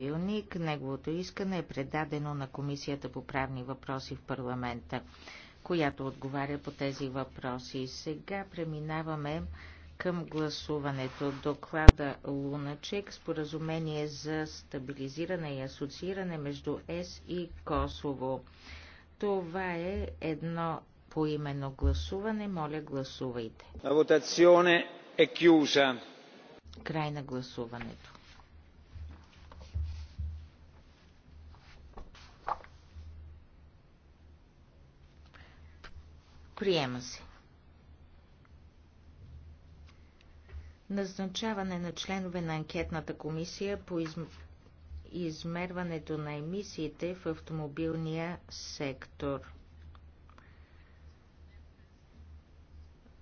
Илник. Неговото искане е предадено на Комисията по правни въпроси в парламента, която отговаря по тези въпроси. Сега преминаваме към гласуването. Доклада Луначек, споразумение за стабилизиране и асоцииране между ЕС и Косово. Това е едно поименно гласуване. Моля, гласувайте. Край на гласуването. Приема се. Назначаване на членове на анкетната комисия по изм... измерването на емисиите в автомобилния сектор.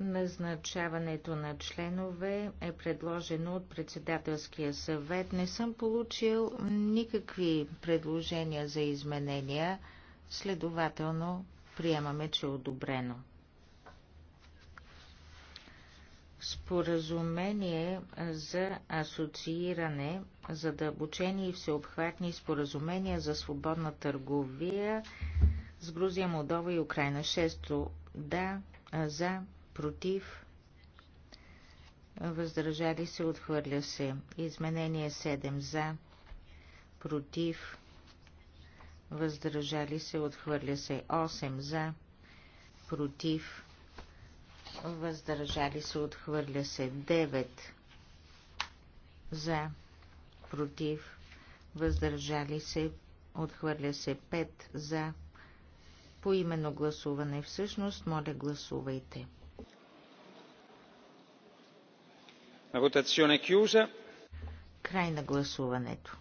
Назначаването на членове е предложено от председателския съвет. Не съм получил никакви предложения за изменения, следователно приемаме, че е одобрено. споразумение за асоцииране, задълбочени и всеобхватни споразумения за свободна търговия с Грузия, Молдова и Украина. Шесто да, за, против, въздържали се, отхвърля се. Изменение 7 за, против, въздържали се, отхвърля се. 8 за, против, въздържали се, отхвърля се 9 за, против, въздържали се, отхвърля се 5 за, по именно гласуване всъщност, моля гласувайте. La votazione è chiusa. Край на гласуването.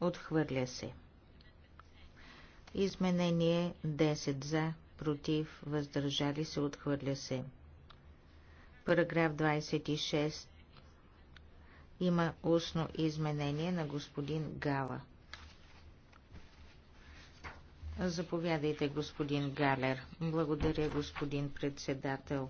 Отхвърля се. Изменение 10 за, против, въздържали се, отхвърля се. Параграф 26 има устно изменение на господин Гала. Заповядайте, господин Галер. Благодаря, господин председател.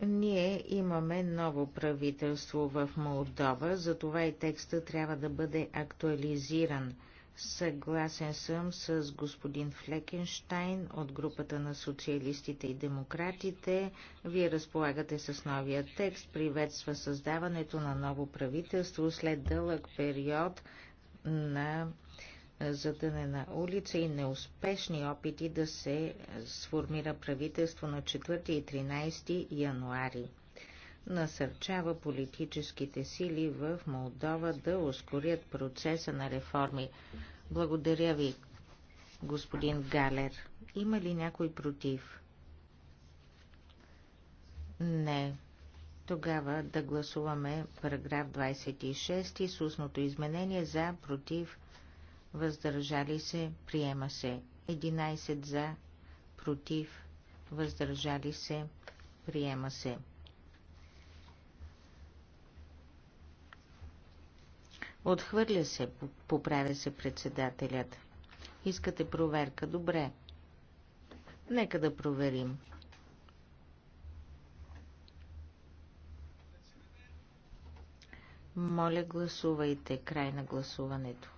Ние имаме ново правителство в Молдова, затова и текста трябва да бъде актуализиран – Съгласен съм с господин Флекенштайн от групата на социалистите и демократите. Вие разполагате с новия текст. Приветства създаването на ново правителство след дълъг период на задънена улица и неуспешни опити да се сформира правителство на 4 и 13 януари насърчава политическите сили в Молдова да ускорят процеса на реформи. Благодаря ви, господин Галер. Има ли някой против? Не. Тогава да гласуваме параграф 26 с устното изменение за, против, въздържали се, приема се. 11 за, против, въздържали се, приема се. Отхвърля се, поправя се председателят. Искате проверка? Добре. Нека да проверим. Моля, гласувайте. Край на гласуването.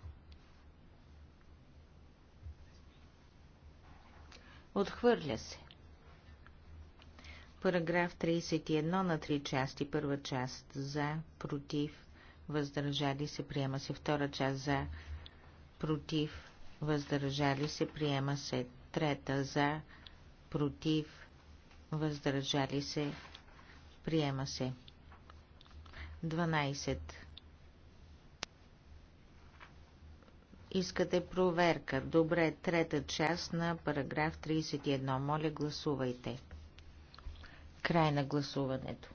Отхвърля се. Параграф 31 на три части. Първа част за, против, въздържали се, приема се. Втора част за, против, въздържали се, приема се. Трета за, против, въздържали се, приема се. 12. Искате проверка. Добре, трета част на параграф 31. Моля, гласувайте. Край на гласуването.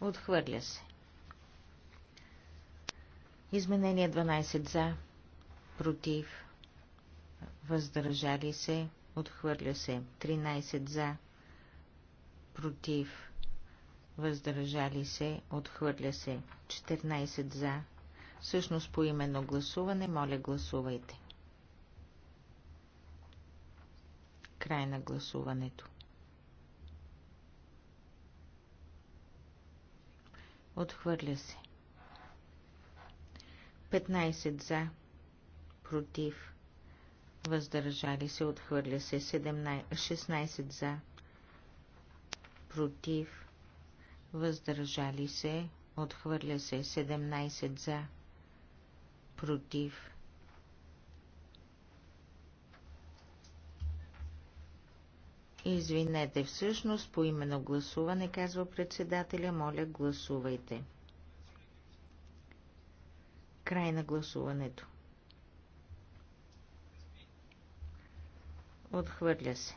Отхвърля се. Изменение 12 за, против, въздържали се, отхвърля се. 13 за, против, въздържали се, отхвърля се. 14 за, всъщност по именно гласуване, моля гласувайте. Край на гласуването. Отхвърля се. 15 за. Против. Въздържали се. Отхвърля се. 17, 16 за. Против. Въздържали се. Отхвърля се. 17 за. Против Извинете, всъщност по именно гласуване, казва председателя, моля гласувайте. Край на гласуването. Отхвърля се.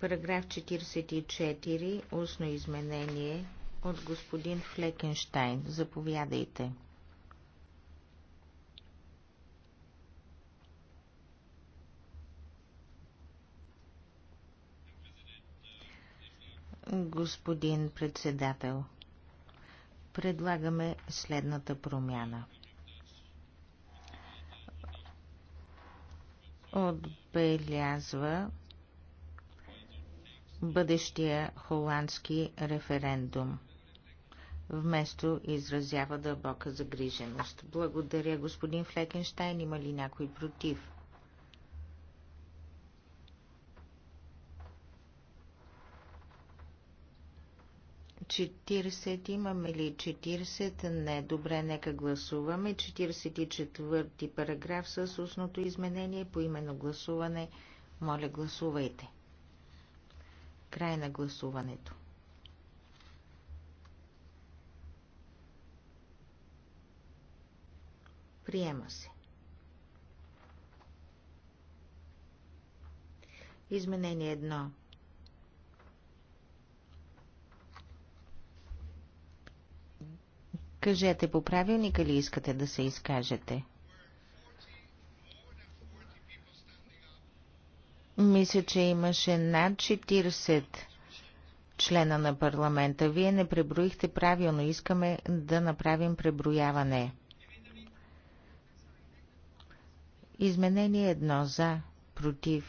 Параграф 44. Устно изменение от господин Флекенштайн. Заповядайте. Господин председател, предлагаме следната промяна. Отбелязва бъдещия холандски референдум. Вместо изразява дълбока загриженост. Благодаря, господин Флекенштайн. Има ли някой против? 40 имаме ли? 40? Не. Добре, нека гласуваме. 44 параграф с устното изменение по именно гласуване. Моля, гласувайте. Край на гласуването. Приема се. Изменение 1. Кажете по правилника ли искате да се изкажете? Мисля, че имаше над 40 члена на парламента. Вие не преброихте правилно. Искаме да направим преброяване. Изменение едно за, против,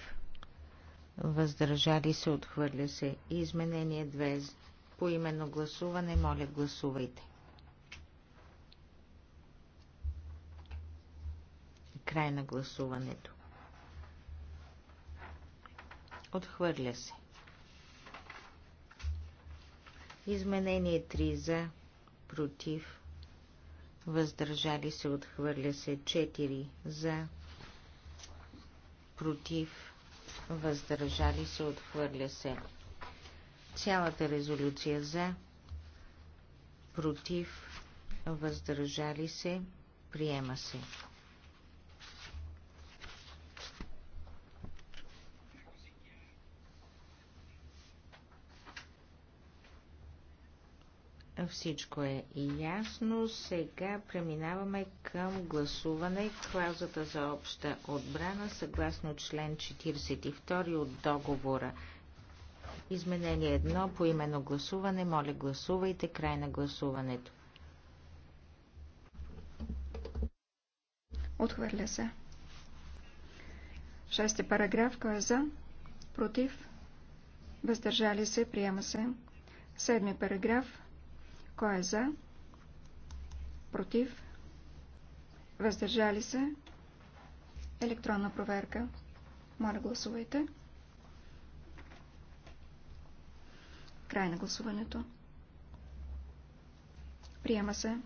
въздържали се, отхвърля се. Изменение две по именно гласуване, моля гласувайте. Край на гласуването. Отхвърля се. Изменение 3 за, против, въздържали се, отхвърля се 4 за, против, въздържали се, отхвърля се. Цялата резолюция за, против, въздържали се, приема се. Всичко е ясно. Сега преминаваме към гласуване клаузата за обща отбрана съгласно член 42 от договора. Изменение едно по именно гласуване. Моля гласувайте край на гласуването. Отхвърля се. Шести параграф. Кой е за? Против? Въздържали се. Приема се. Седми параграф. Кой е за? Против? Въздържали се? Електронна проверка. Моля, гласувайте. Край на гласуването. Приема се.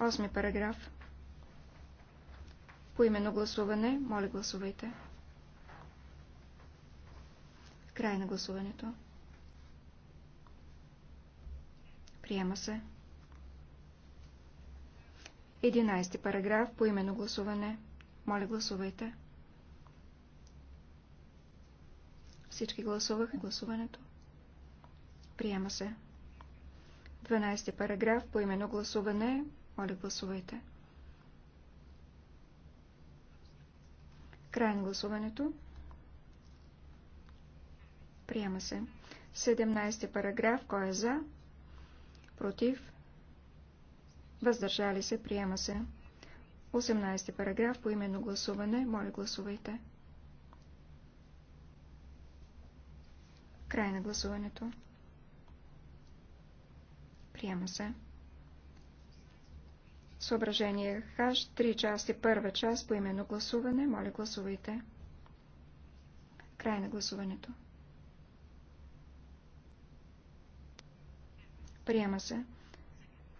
Осми параграф. По именно гласуване, моля гласувайте. Край на гласуването. Приема се. 11 параграф по именно гласуване. Моля, гласувайте. Всички гласуваха гласуването. Приема се. 12 параграф по именно гласуване. Моля, гласувайте. Край на гласуването. Приема се. 17 параграф. Кой е за? против, въздържали се, приема се. 18 параграф по именно гласуване. Моля, гласувайте. Край на гласуването. Приема се. Съображение Х, три части, първа част по именно гласуване. Моля, гласувайте. Край на гласуването. Приема се.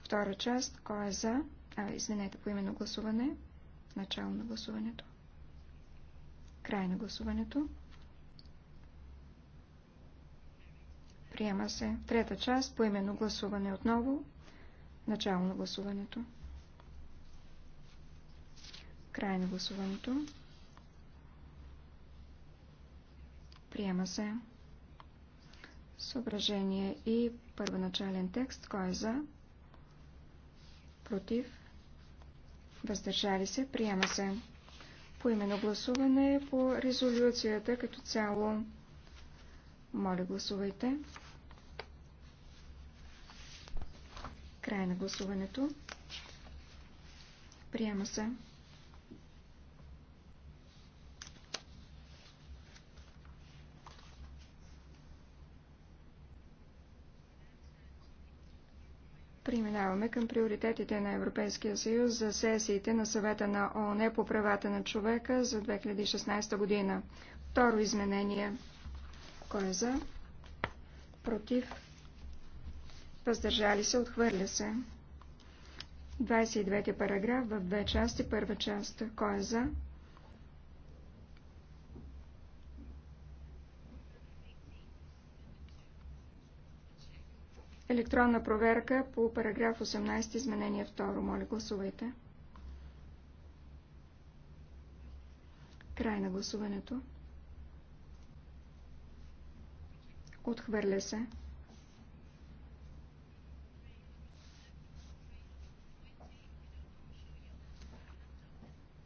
Втора част. Кой е за? А, извинете, по именно гласуване. Начало на гласуването. Край на гласуването. Приема се. Трета част. по именно гласуване отново. Начало на гласуването. Край на гласуването. Приема се съображение и първоначален текст. Кой е за? Против? Въздържали се? Приема се. Поименно гласуване по резолюцията като цяло. Моля, гласувайте. Край на гласуването. Приема се. Преминаваме към приоритетите на Европейския съюз за сесиите на съвета на ООН по правата на човека за 2016 година. Второ изменение. Кой е за? Против? Въздържали се? Отхвърля се. 22 параграф в две части. Първа част. Кой е за? Електронна проверка по параграф 18, изменение 2. Моля, гласувайте. Край на гласуването. Отхвърля се.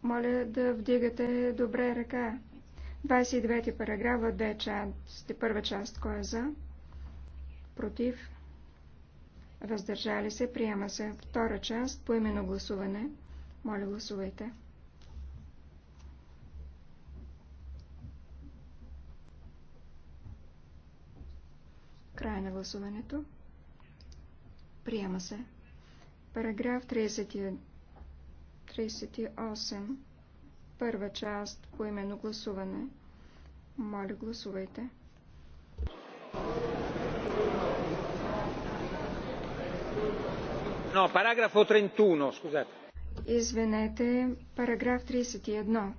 Моля да вдигате добре ръка. 29 параграф, 2 част, първа част, кой е за? Против? въздържали се, приема се. Втора част, по именно гласуване. Моля, гласувайте. Край на гласуването. Приема се. Параграф 30, 38. Първа част по именно гласуване. Моля, гласувайте. No, параграфо 31, скузате. Извинете, параграф 31.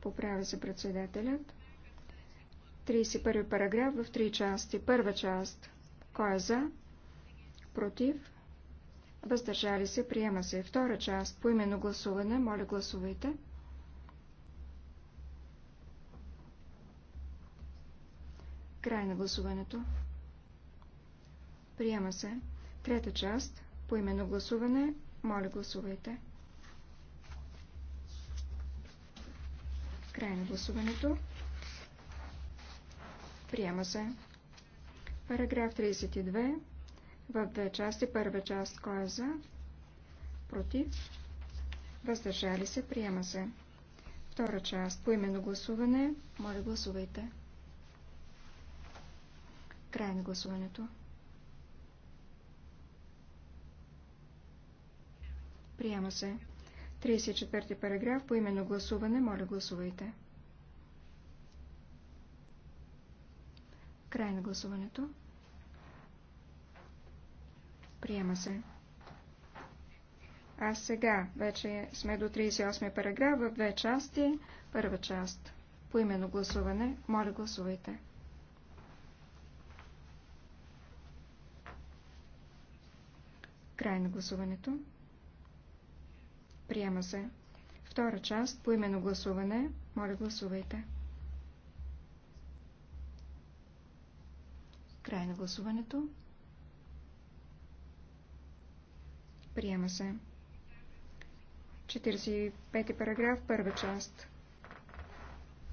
Поправя се председателят. 31 параграф в три части. Първа част. Кой е за? Против? Въздържали се, приема се. Втора част. По именно гласуване. Моля, гласувайте. Край на гласуването. Приема се. Трета част. По именно гласуване, моля гласувайте. Край на гласуването. Приема се. Параграф 32. В две части. Първа част. Кой е за? Против. Въздържали се. Приема се. Втора част. По именно гласуване. Моля гласувайте. Край на гласуването. Приема се. 34 параграф по именно гласуване. Моля, гласувайте. Край на гласуването. Приема се. А сега вече сме до 38 параграф в две части. Първа част. По именно гласуване. Моля, гласувайте. Край на гласуването. Приема се. Втора част по именно гласуване. Моля, гласувайте. Край на гласуването. Приема се. 45 параграф, първа част.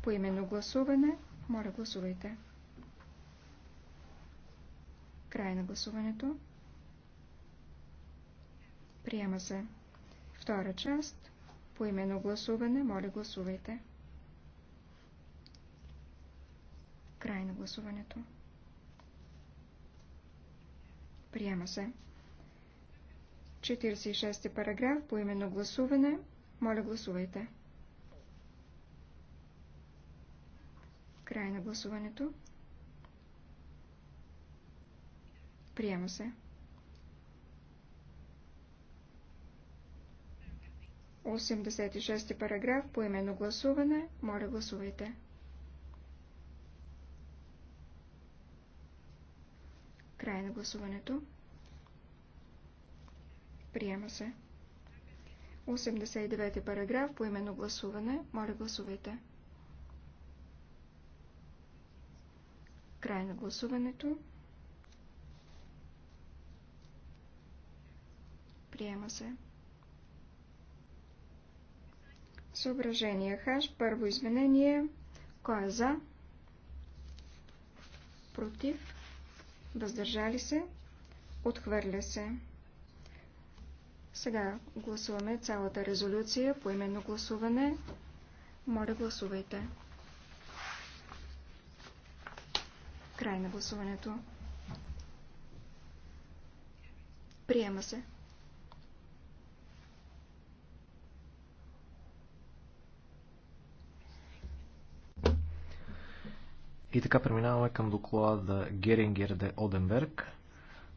По именно гласуване. Моля, гласувайте. Край на гласуването. Приема се. Втора част. По именно гласуване. Моля, гласувайте. Край на гласуването. Приема се. 46 параграф. По именно гласуване. Моля, гласувайте. Край на гласуването. Приема се. 86 параграф по именно гласуване. Моля гласувайте. Край на гласуването. Приема се. 89 параграф по именно гласуване. Моля гласувайте. Край на гласуването. Приема се. Съображение хаш. Първо извинение. Кой е за? Против. Въздържали се. Отхвърля се. Сега гласуваме цялата резолюция по именно гласуване. Моля, гласувайте. Край на гласуването. Приема се. И така преминаваме към доклада Герингер де Оденберг.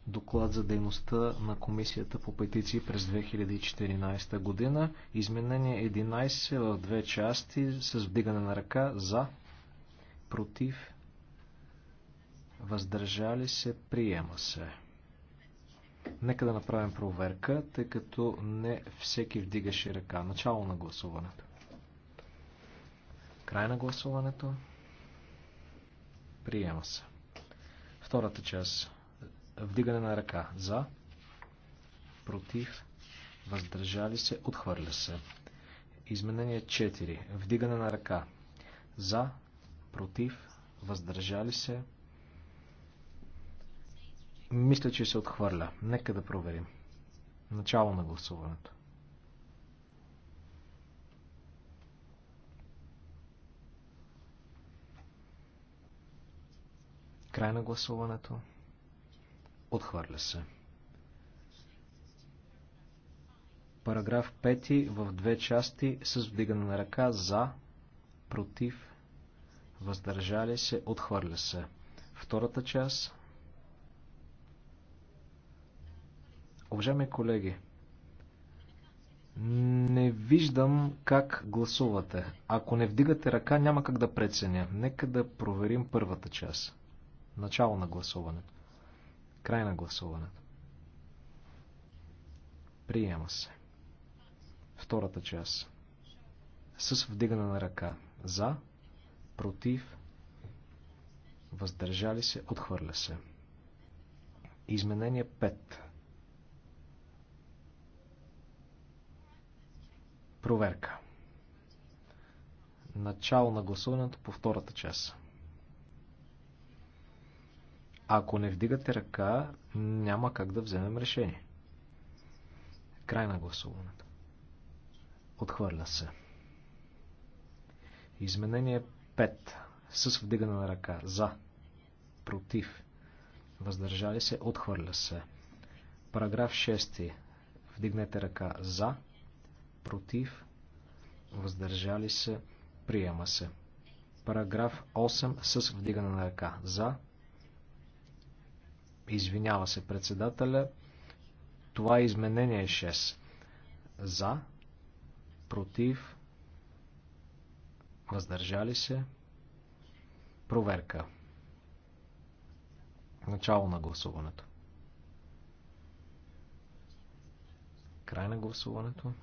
Доклад за дейността на Комисията по петиции през 2014 година. Изменение 11 в две части с вдигане на ръка за, против, въздържали се, приема се. Нека да направим проверка, тъй като не всеки вдигаше ръка. Начало на гласуването. Край на гласуването. Приема се. Втората част. Вдигане на ръка. За. Против. Въздържали се. Отхвърля се. Изменение 4. Вдигане на ръка. За. Против. Въздържали се. Мисля, че се отхвърля. Нека да проверим. Начало на гласуването. Край на гласуването. Отхвърля се. Параграф 5 в две части с вдигане на ръка за, против, въздържали се, отхвърля се. Втората част. Уважаеми колеги, не виждам как гласувате. Ако не вдигате ръка, няма как да преценя. Нека да проверим първата част. Начало на гласуването. Край на гласуването. Приема се. Втората част. С вдигане на ръка. За, против, въздържали се, отхвърля се. Изменение 5. Проверка. Начало на гласуването по втората част. Ако не вдигате ръка, няма как да вземем решение. Край на гласуването. Отхвърля се. Изменение 5. С вдигане на ръка. За. Против. Въздържали се. Отхвърля се. Параграф 6. Вдигнете ръка. За. Против. Въздържали се. Приема се. Параграф 8. С вдигане на ръка. За Извинява се председателя. Това е изменение 6. За, против, въздържали се, проверка. Начало на гласуването. Край на гласуването.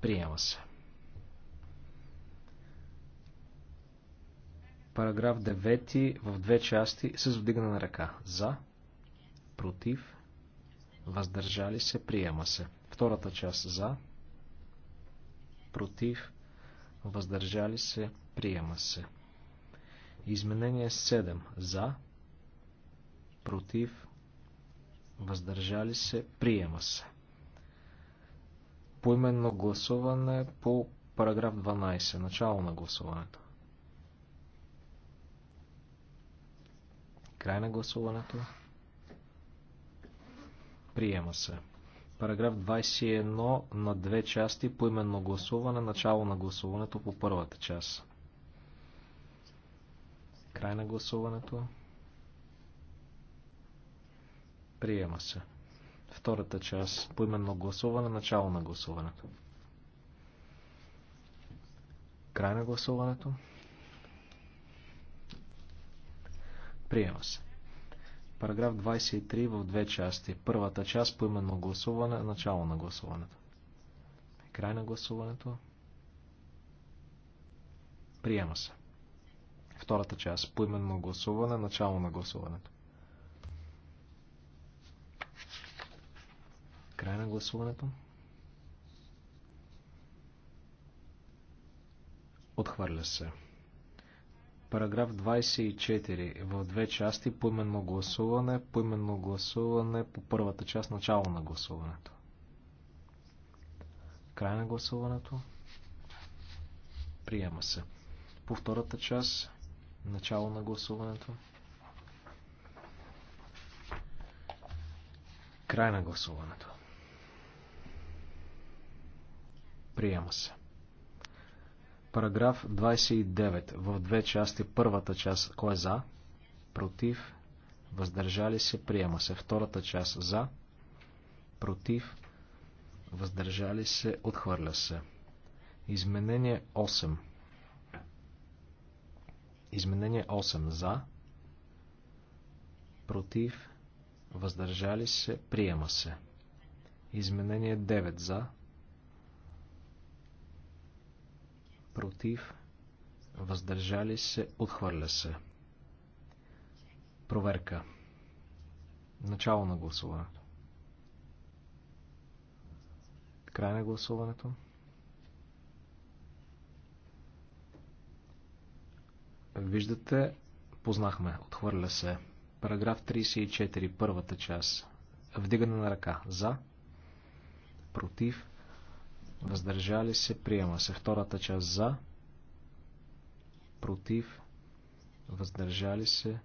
Приема се. Параграф 9 в две части с вдигна на ръка. За, против, въздържали се, приема се. Втората част за, против, въздържали се, приема се. Изменение 7. За, против, въздържали се, приема се. Поименно гласуване по параграф 12. Начало на гласуването. Край на гласуването. Приема се. Параграф 21 на две части по именно гласуване. Начало на гласуването по първата част. Край на гласуването. Приема се. Втората част по именно гласуване. Начало на гласуването. Край на гласуването. Приема се. Параграф 23 в две части. Първата част по именно гласуване, начало на гласуването. Край на гласуването. Приема се. Втората част по именно гласуване, начало на гласуването. Край на гласуването. Отхвърля се. Параграф 24 в две части по гласуване, по гласуване по първата част, начало на гласуването. Край на гласуването. Приема се. По втората част, начало на гласуването. Край на гласуването. Приема се. Параграф 29 в две части. Първата част кой е за? Против. Въздържали се. Приема се. Втората част за. Против. Въздържали се. Отхвърля се. Изменение 8. Изменение 8 за. Против. Въздържали се. Приема се. Изменение 9 за. против, въздържали се, отхвърля се. Проверка. Начало на гласуването. Край на гласуването. Виждате, познахме, отхвърля се. Параграф 34, първата част. Вдигане на ръка. За. Против въздържали се, приема се. Втората част за, против, въздържали се.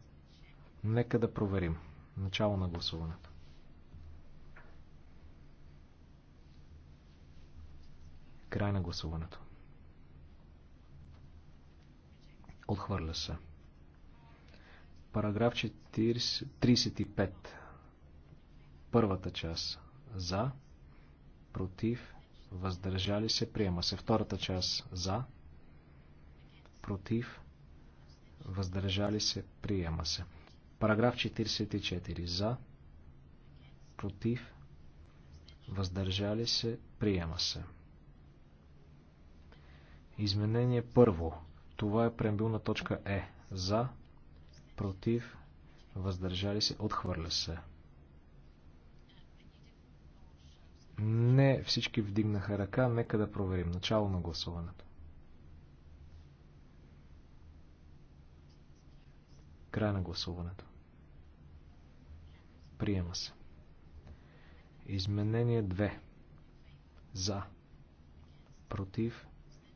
Нека да проверим. Начало на гласуването. Край на гласуването. Отхвърля се. Параграф 35. Първата част. За, против, въздържали се, приема се. Втората част за, против, въздържали се, приема се. Параграф 44 за, против, въздържали се, приема се. Изменение първо. Това е преамбилна точка Е. За, против, въздържали се, отхвърля се. Не всички вдигнаха ръка. Нека да проверим. Начало на гласуването. Край на гласуването. Приема се. Изменение 2. За. Против.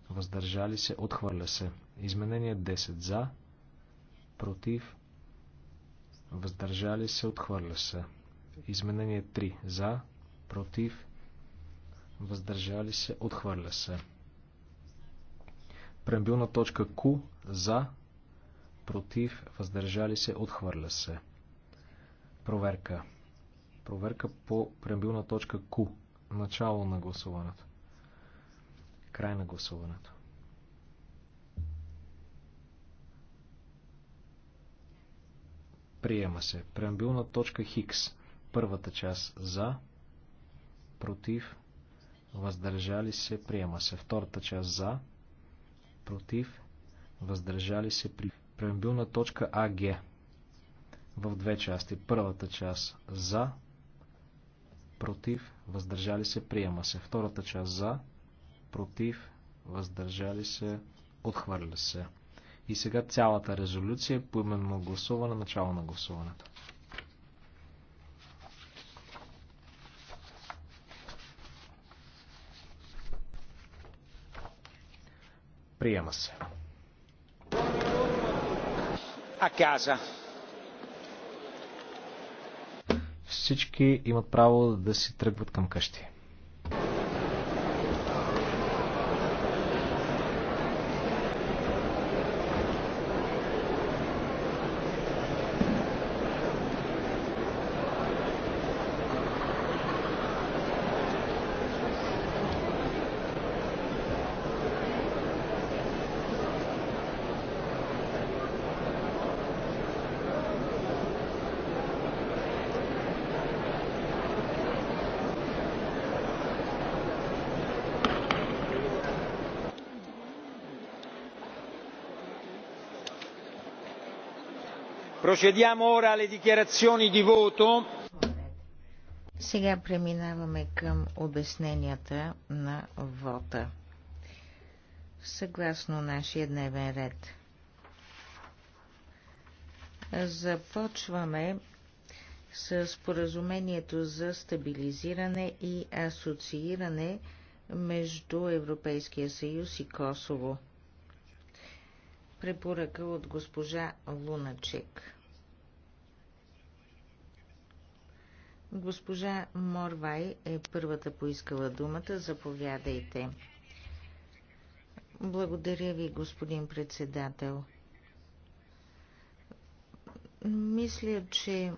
Въздържали се. Отхвърля се. Изменение 10. За. Против. Въздържали се. Отхвърля се. Изменение 3. За. Против въздържали се, отхвърля се. Прембилна точка Q за, против, въздържали се, отхвърля се. Проверка. Проверка по преамбилна точка Q. Начало на гласуването. Край на гласуването. Приема се. Преамбилна точка Хикс. Първата част за, против, въздържали се, приема се. Втората част за, против, въздържали се, при... преамбилна точка АГ в две части. Първата част за, против, въздържали се, приема се. Втората част за, против, въздържали се, отхвърля се. И сега цялата резолюция е по именно гласуване, начало на гласуването. Приема се. А каза. Всички имат право да си тръгват към къщи. Procediamo ora alle dichiarazioni di voto. Сега преминаваме към обясненията на вота. Съгласно нашия дневен ред. Започваме с споразумението за стабилизиране и асоцииране между Европейския съюз и Косово. Препоръка от госпожа Луначек. Госпожа Морвай е първата поискала думата. Заповядайте. Благодаря ви, господин председател. Мисля, че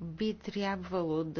би трябвало да